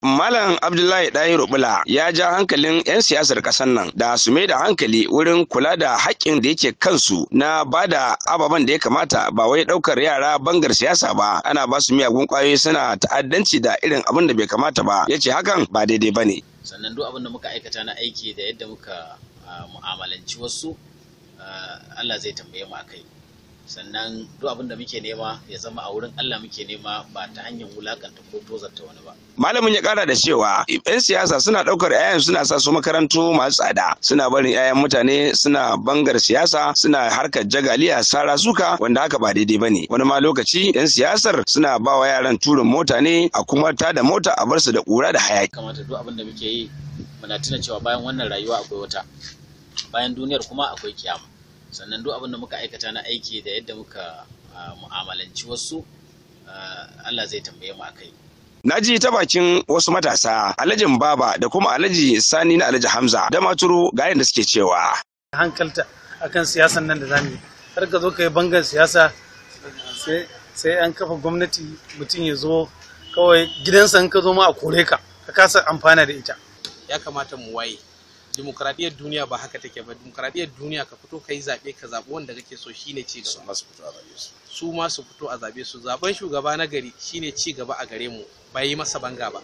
Malam Abdullahi Dayi Rubula ya ja hankalin 'yan siyasar ƙasar nan da su mai da hankali wurin kula da haƙƙin da yake kansu na ba da ababen da ya kamata ba wai ɗaukar yara bangar siyasa ba ana ba su miyagun ƙwayoyi suna ta'addanci da irin abin da bai kamata ba ya ce hakan ba daidai ba ne. Sannan duk abin da muka aikata na aiki da yadda muka ah, mu'amalanci wasu ah, Allah zai tambaye mu a kai. sannan duk abin da muke nema ya zama a wurin Allah muke nema ba ta hanyar wulakanta ko tozarta wani ba. Malamin ya kara da cewa yan siyasa suna ɗaukar 'ya'yan suna sa su makarantu masu tsada suna barin 'ya'yan mutane suna bangar siyasa suna harkar jagaliya sara suka wanda haka ba daidai ba ne wani ma lokaci yan siyasar suna ba wa yaran turin mota ne a kuma ta da mota a barsu da kura da hayaki. Kamata duk abin da muke yi muna tuna cewa bayan wannan rayuwa akwai wata bayan duniyar kuma akwai kiyama. sannan duk abin da muka aikata na aiki da yadda muka mu'amalanci wasu Allah zai tambaye mu akai Na ji ta bakin wasu matasa, Alhajin Baba da kuma Alhaji Sani na Alhaji Hamza da maturu ga yadda suke cewa. Hankalta akan siyasan nan da zamu har ka zo ka yi bangar siyasa sai an kafa gwamnati mutum ya zo kawai gidansa in ka zo ma a kore ka ka kasa amfana da ita. Ya kamata mu waye demokradiyyar duniya ba haka take ba Dimokuraɗiyar duniya ka fito ka yi zaɓe ka zaɓi wanda kake so shine ci gaba su ma su fito a zaɓe su zaɓen shugaba na gari shine ci gaba a gare mu ba yi masa banga ba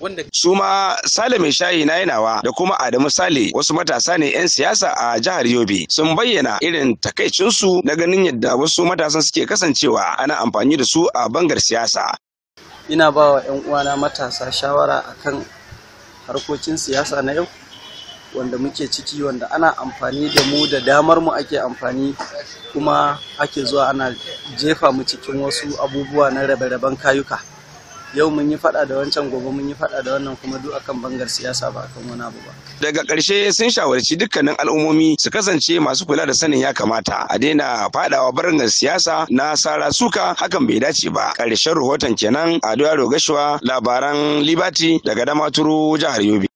wanda su ma Sale mai shayi na yanawa da kuma Adamu Sale wasu matasa ne 'yan siyasa a jihar Yobe sun bayyana irin takaicinsu na ganin yadda wasu matasan suke kasancewa ana amfani da su a bangar siyasa. Ina ba wa 'yan uwana matasa shawara akan harkokin siyasa na yau wanda muke ciki wanda ana amfani da mu da damar mu ake amfani kuma ake zuwa ana jefa mu cikin wasu abubuwa na rabe-raben kayuka yau mun yi fada da wancan gobe mun yi fada da wannan kuma duk akan bangar siyasa ba akan wani abu ba daga ƙarshe sun shawarci dukkanin al'ummomi su kasance masu kula da sanin ya kamata a daina fadawa barangar siyasa na sara suka hakan bai dace ba ƙarshen rahoton kenan a doya labaran libati daga damaturu jihar yobe